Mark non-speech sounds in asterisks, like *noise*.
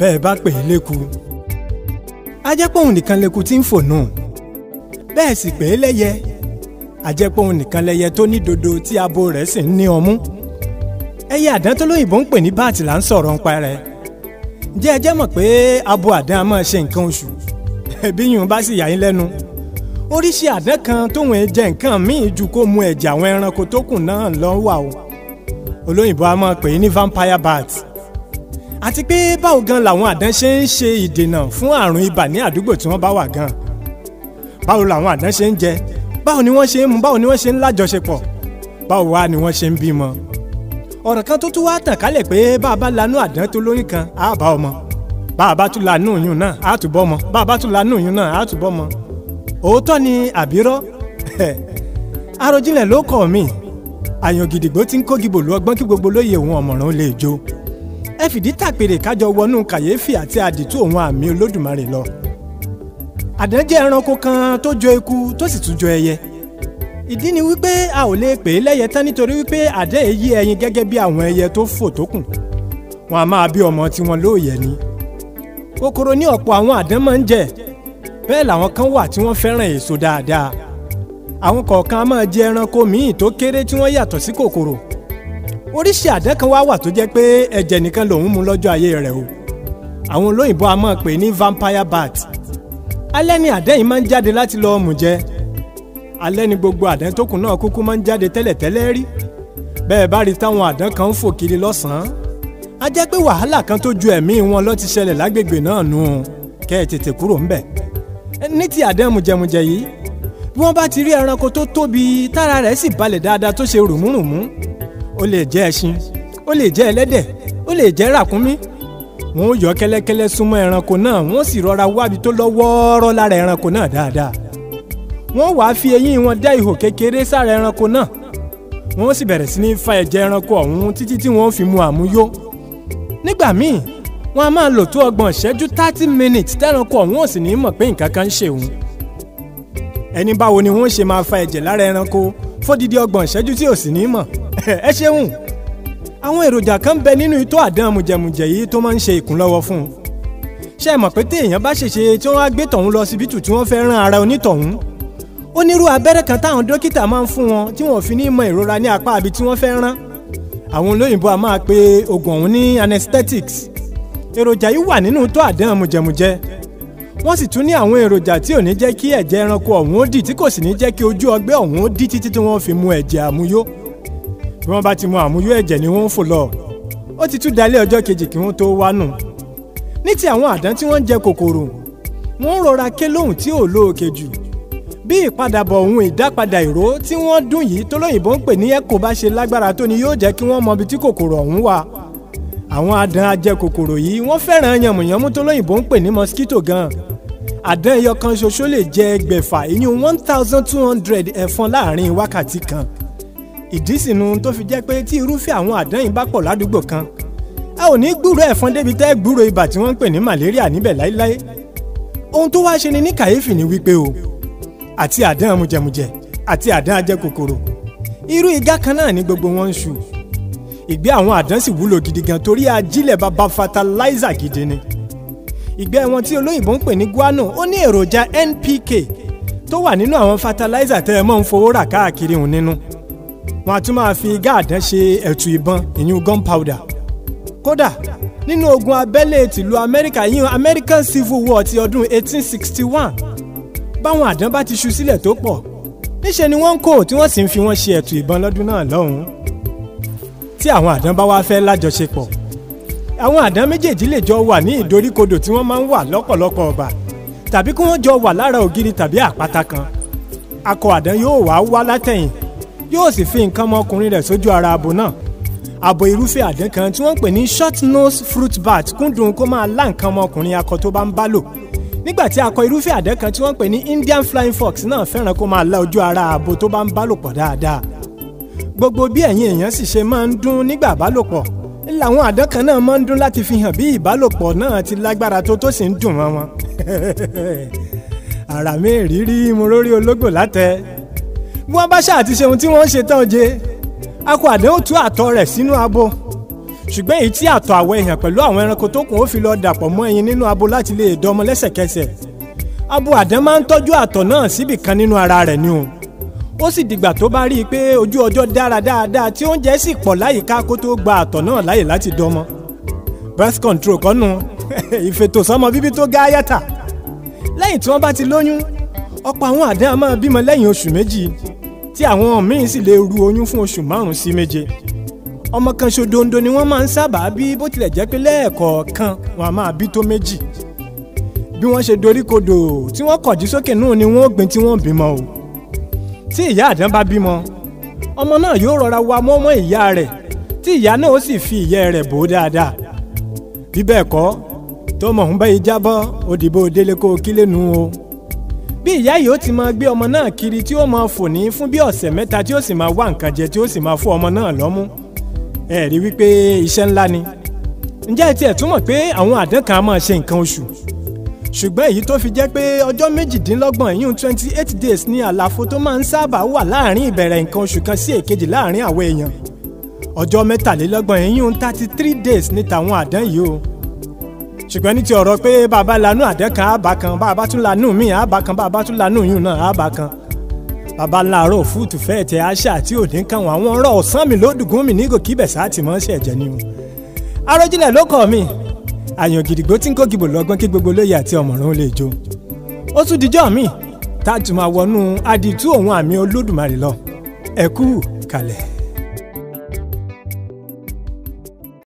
bẹ́ẹ̀ bá pè é léku a jẹ́ pé òun nìkan leku tí ń fò nù bẹ́ẹ̀ sì pè é lẹ́yẹ a jẹ́ pé òun nìkan lẹ́yẹ tó ní dodo tí abo rẹ̀ sì ń ní ọmú ẹyẹ àdán tó lóyìnbó ń pè ní báàtì là ń sọ̀rọ̀ nípa rẹ̀ jẹ́ ẹ jẹ́ mọ̀ pé abo àdán a máa ṣe nǹkan oṣù ẹbí yìí bá sì yà yín lẹ́nu oríṣi àdán kan tóun ẹ jẹ nǹkan míì ju kó mu ẹ̀jẹ̀ àwọn ẹranko tó kù náà lọ́wọ́ olóyìnbó a máa pè é ní vampire bat àti pé báwo gan làwọn àdán ṣe ń ṣe ìdènà fún àrùn ibà ní àdúgbò tí wọ́n bá wà gan báwo làwọn àdán ṣe ń jẹ báwo ni wọ́n ṣe ń mu báwo ni wọ́n ṣe ń lájọṣepọ̀ báwo wá ni wọ́n ṣe ń bímọ ọ̀rọ̀ kan tó tún wá tàn kálẹ̀ pé bá a bá lanú àdán tó lóyún kan á bá ọmọ bá a bá tún lanú oyún náà á tún bọ́ ọmọ bá a bá tún lanú oyún náà á tún bọ́ ọmọ òótọ́ ni àbírọ́ *laughs* Àròjinlẹ̀ ló kọ̀ mí àyàn gidigbo ti ń kó gibò lu ọgbọ́n kí gbogbo lóye òun ọ̀mọ̀ràn lè jó ẹ fìdí tàpèrè kájọ wọnú kàyéfì àti àdìtú òun àmì olódùmarè lọ. àdán jẹ́ ẹranko kan tó jọ eku tó sì tún jọ ẹyẹ. ìdí ni wípé a ò lè pè é lẹ́yẹ tán nítorí wípé àdán èyí ẹyin gẹ́gẹ́ bí àwọn ẹyẹ tó fò tó kù. wọn a máa bí ọmọ tí wọn lóòyẹ ni. kòkòrò ní ọ̀pọ̀ àwọn àdán máa ń jẹ bẹ́ẹ̀ làwọn kan wà tí wọ́n fẹ́ràn èso dáadáa. àwọn kọ̀ọ̀kan a máa jẹ ẹranko míì tó kéré tí wọ́n yàtọ̀ sí kòkòrò oríṣi àdán kan wá wà tó jẹ́ pé ẹ̀jẹ̀ nìkan lòún mu lọ́jọ́ ayé rẹ̀ o àwọn olóyìnbó a máa pè ní vampire bat alẹ́ ni àdán yìí máa ń jáde láti lọ mú jẹ alẹ́ ni gbogbo àdán tó kù náà kúkú máa ń jáde tẹ́lẹ̀tẹ́lẹ̀ rí bẹ́ẹ̀ bá rí táwọn àdán kan ń fò kiri lọ́sàn-án a jẹ́ pé wàhálà kan tó ju ẹ̀mí wọn lọ ti ṣẹlẹ̀ lágbègbè náà nù kẹ́ ẹ̀ tètè kúrò ńbẹ̀ ní ti àdán mùjẹmùjẹ yìí bí wọ́n bá ti rí ẹranko tó tóbi tára rẹ̀ sì balẹ̀ dáadáa tó ṣe rùmúrùmú ó lè jẹ́ ẹṣin ó lè jẹ́ ẹlẹ́dẹ̀ ó lè jẹ́ ràkúnmí wọn ó yọ kẹ́lẹ́kẹ́lẹ́ súnmọ́ ẹranko náà wọn ó sì rọra wábi tó lọ wọ́ọ́rọ́ lára ẹranko náà dáadáa wọn wàá fi eyín wọn dá ihò kékeré sára ẹranko náà wọn ó sì bẹ̀rẹ̀ sí ní fa ẹ̀jẹ̀ ẹranko ọ̀hún títí tí wọn ó fi mu àmúyó nígbà míì wọn a máa lò tó ọgbọ̀n ìṣẹ́jú thirty minutes tẹ́ranko ọ̀hún ò sì ní mọ̀ pé nǹkan kan ń ṣe òun ẹni báwo ni wọn ṣe máa fa ẹ̀jẹ̀ lára ẹranko fódìdí ọgbọ̀n ìṣẹ́jú tí ò sì ní mọ̀ *laughs* ẹ ṣeun àwọn èròjà kan bẹ nínú itọ́ àdán mùjẹ̀mùjẹ̀ yìí tó máa ń ṣe ìkúnlọ́wọ́ fún un ṣe mọ̀ pé téèyàn bá ṣèṣe tí wọ́n á gbé tọ̀hún lọ síbítù tí wọ́n fẹ́ rán ara onítọ̀hún onírú abẹ́rẹ́ kan táwọn dókítà máa ń fún wọn tí wọn ò fi ní mọ ìrora ní apá àbí tí wọ́n fẹ́ rán àwọn olóyìnbó a máa pe oògùn ọ̀hún ní anesthetics èròjà yìí wà nínú tó àdán mùjẹ̀mùjẹ̀ wọ́n sì tún ní àwọn èròjà tí ò ní jẹ́ kí ẹ̀jẹ̀ ẹranko ọ̀hún ó dì tí kò sì ní jẹ́ kí ojú ọgbẹ́ ọ̀hún ó dì títí tí wọ́n fi mu ẹ̀jẹ̀ àmuyó bí wọ́n bá ti mu àmúyó ẹ̀jẹ̀ ni wọ́n ń fò lọ ó ti tún dalẹ́ ọjọ́ kejì kí wọ́n tó wá nù ní ti àwọn àdán tí wọ́n ń jẹ kòkòrò wọ́n rọra ké lóhùn tí ò lóòkè jù bí ìpadàbọ̀ ohun ìdápadà ìró tí wọ́n dún yìí tó lóyìnbó ń pè ní echo bá ṣe lágbára tó ni yóò jẹ́ kí wọ́n mọbi tí kòkòrò ọ̀hún wà àwọn àdán ajẹkòkòrò yìí wọ́n fẹ́ràn yànmùyánmú tó lóyìnbó ń pè ní mosquito gan àdán ẹyọ kan ṣoṣo lè jẹ ẹgbẹ̀fà ìyún one thousand two hundred ẹ̀fọn láàrin wákàtí kan ìdí sì nu tó fi jẹ́ pé tí irúfẹ́ àwọn àdán yìí bá pọ̀ ládùúgbò kan a ò ní gbúrò ẹ̀fọn débi tẹ́ gbúrò ibà tí wọ́n ń pè ní màlẹ́ríà níbẹ̀ láéláé ohun tó wá ṣe ni ní kàyéfì ni wípé o àti àdán amújẹmújẹ àti àdán ajẹkòkòrò irú igá kan náà ni gbogbo wọn ń ṣu ìgbé àwọn àdán sì wúlò gidi gan torí ajílẹ̀ baba fatalizer gidi ni ìgbẹ́ wọn tí olóyìnbó ń pè ní guano ó ní èròjà NPK tó wà nínú àwọn fatalizer tẹ́ ẹ mọ́ ń fowó rà káàkiri òun nínú wọ́n á tún máa fi gáàdán ṣe ẹ̀tù ìbọn ìyún gunpowder kódà nínú ogun abẹ́lé tìlú amẹ́ríkà yíyan american civil war ti ọdún 1861 báwọn àdán bá ti ṣu sílẹ̀ tó pọ̀ níṣe ni wọ́n ń kó tí wọ́n sì ń fi wọ́n ṣe ẹ̀tù ìbọn lọ́dún náà lọ́hùn-ún tí àwọn àdán bá wá fẹ́ lájọṣepọ̀ àwọn àdán méjèèjì lè jọ wà ní ìdoríkodò tí wọ́n máa ń wà lọ́pọ̀lọpọ̀ ọba tàbí kí wọ́n jọ wà lára ògiri tàbí àpáta kan akọ àdán yóò wá wá látẹ̀yìn yóò sì fi nǹkan ọmọkùnrin rẹ̀ sójú ara abo náà abo irúfẹ́ àdán kan tí wọ́n ń pè ní short nose fruit bat kúndùn kó máa lá nǹkan ọmọkùnrin akọ tó bá ń bá lò nígbà tí akọ irúfẹ́ àdán kan tí wọ́n ń pè ní Indian flying fox náà fẹ́ràn kó máa lá ojú ara abo tó bá ń bá lò pọ̀ dáadáa gbogbo bí ẹ̀yin èèyàn sì ṣe máa ń dún nígbà bálòpọ̀ làwọn àdán kan náà máa ń dún láti fi hàn bí ìbálòpọ̀ náà ti lágbára tó tó sì ń dùn mọ́ wọn àràmé *laughs* ìrírí mo rórí ológbò bí wọ́n bá ṣáà ti ṣe ohun tí wọ́n ń ṣe tán jẹ akọ àdéhùn tú àtọ̀ rẹ̀ sínú abo ṣùgbọ́n èyí tí àtọ̀ àwọ̀ èèyàn pẹ̀lú àwọn ẹranko tó kù ó fi lọ dàpọ̀ mọ́ ẹyin nínú abo láti lè dọmọ lẹ́sẹ̀kẹsẹ̀ abo àdán máa ń tọ́jú àtọ̀ náà síbì kan nínú ara rẹ̀ ni o ó sì dìgbà tó bá rí i pé ojú ọjọ́ dára dáadáa tí oúnjẹ sì pọ̀ láyìíká kó tó gba àtọ̀ náà láyè láti dọmọ birth control kọ́nu *laughs* ìfètòsọ́mọ bíbí tó gá yàtà lẹ́yìn tí wọ́n bá ti lóyún ọ̀pọ̀ àwọn àdán máa bímọ lẹ́yìn oṣù méjì tí àwọn míín sì lè ru oyún fún oṣù márùn-ún sí méje ọmọ kan ṣòdondo ni wọ́n máa ń sábà bí bó tilẹ̀ jẹ́ pé lẹ́ẹ̀kọ̀ọ̀kan wọn a máa bí tó méjì bí wọ́n ṣe doríkodò tí wọ́n kọ̀jí sókè náà ni wọ́n gbìn tí wọ́n bímọ o tí ìyá àdán bá bímọ ọmọ náà yóò rọra wa mọ́mọ́ ìyá rẹ̀ tí ìyá náà ó sì fi ìyẹ́ rẹ̀ bò ó dáadáa bí bẹ́ẹ̀ kọ́ tó mọ̀ ń bá yìí jábọ́ òdìbò délé kó o kílẹ̀ nù o bí ìyá yìí ó ti máa gbé ọmọ náà kiri tí ó máa fò ní fún bí ọ̀sẹ̀ mẹ́ta tí ó sì máa wá nǹkan jẹ tí ó sì máa fún ọmọ náà lọ́mú ẹ rí wípé iṣẹ́ ńlá ni ǹjẹ́ ẹ tiẹ̀ túmọ̀ pé àwọn àdán kan á máa ṣe nǹkan oṣù ṣùgbọ́n èyí tó fi jẹ́ pé ọjọ́ méjìdínlọ́gbọ̀n ìyún twenty eight days ni àlàfo tó máa ń sábà wà láàrin ìbẹ̀rẹ̀ nǹkan oṣù kan sí èkejì láàrin àwọn èèyàn ọjọ́ mẹ́tàlélọ́gbọ̀n ìyún thirty three days ni tàwọn àdán yìí o ṣùgbọ́n ní ti ọ̀rọ̀ pé bàbá lanú àdẹ́kan àbàkan bàbá tún lanú mi àbàkan bàbá tún lanú yùn náà àbàkan bàbá láàárọ̀ fúùtù fẹ́ẹ̀ tẹ àṣà àti òdì ń kàn wọ́n àwọn ọ̀rọ̀ ọ̀sán mi lódùgún mi nígò kíbẹ̀ sáàtì mọ́ ṣe ẹ̀jẹ̀ ni o. Arójinlẹ̀ ló kọ́ mi àyàn gidigbo tí ń kó gìbò lọ́gbọ́n kí gbogbo olóye àti ọ̀mọ̀ràn lè jó. ó tún dijọ́ mi táàtùmọ̀ wọnú adìtú òun àmì Olódùmarè lọ ẹ̀kú kalẹ̀.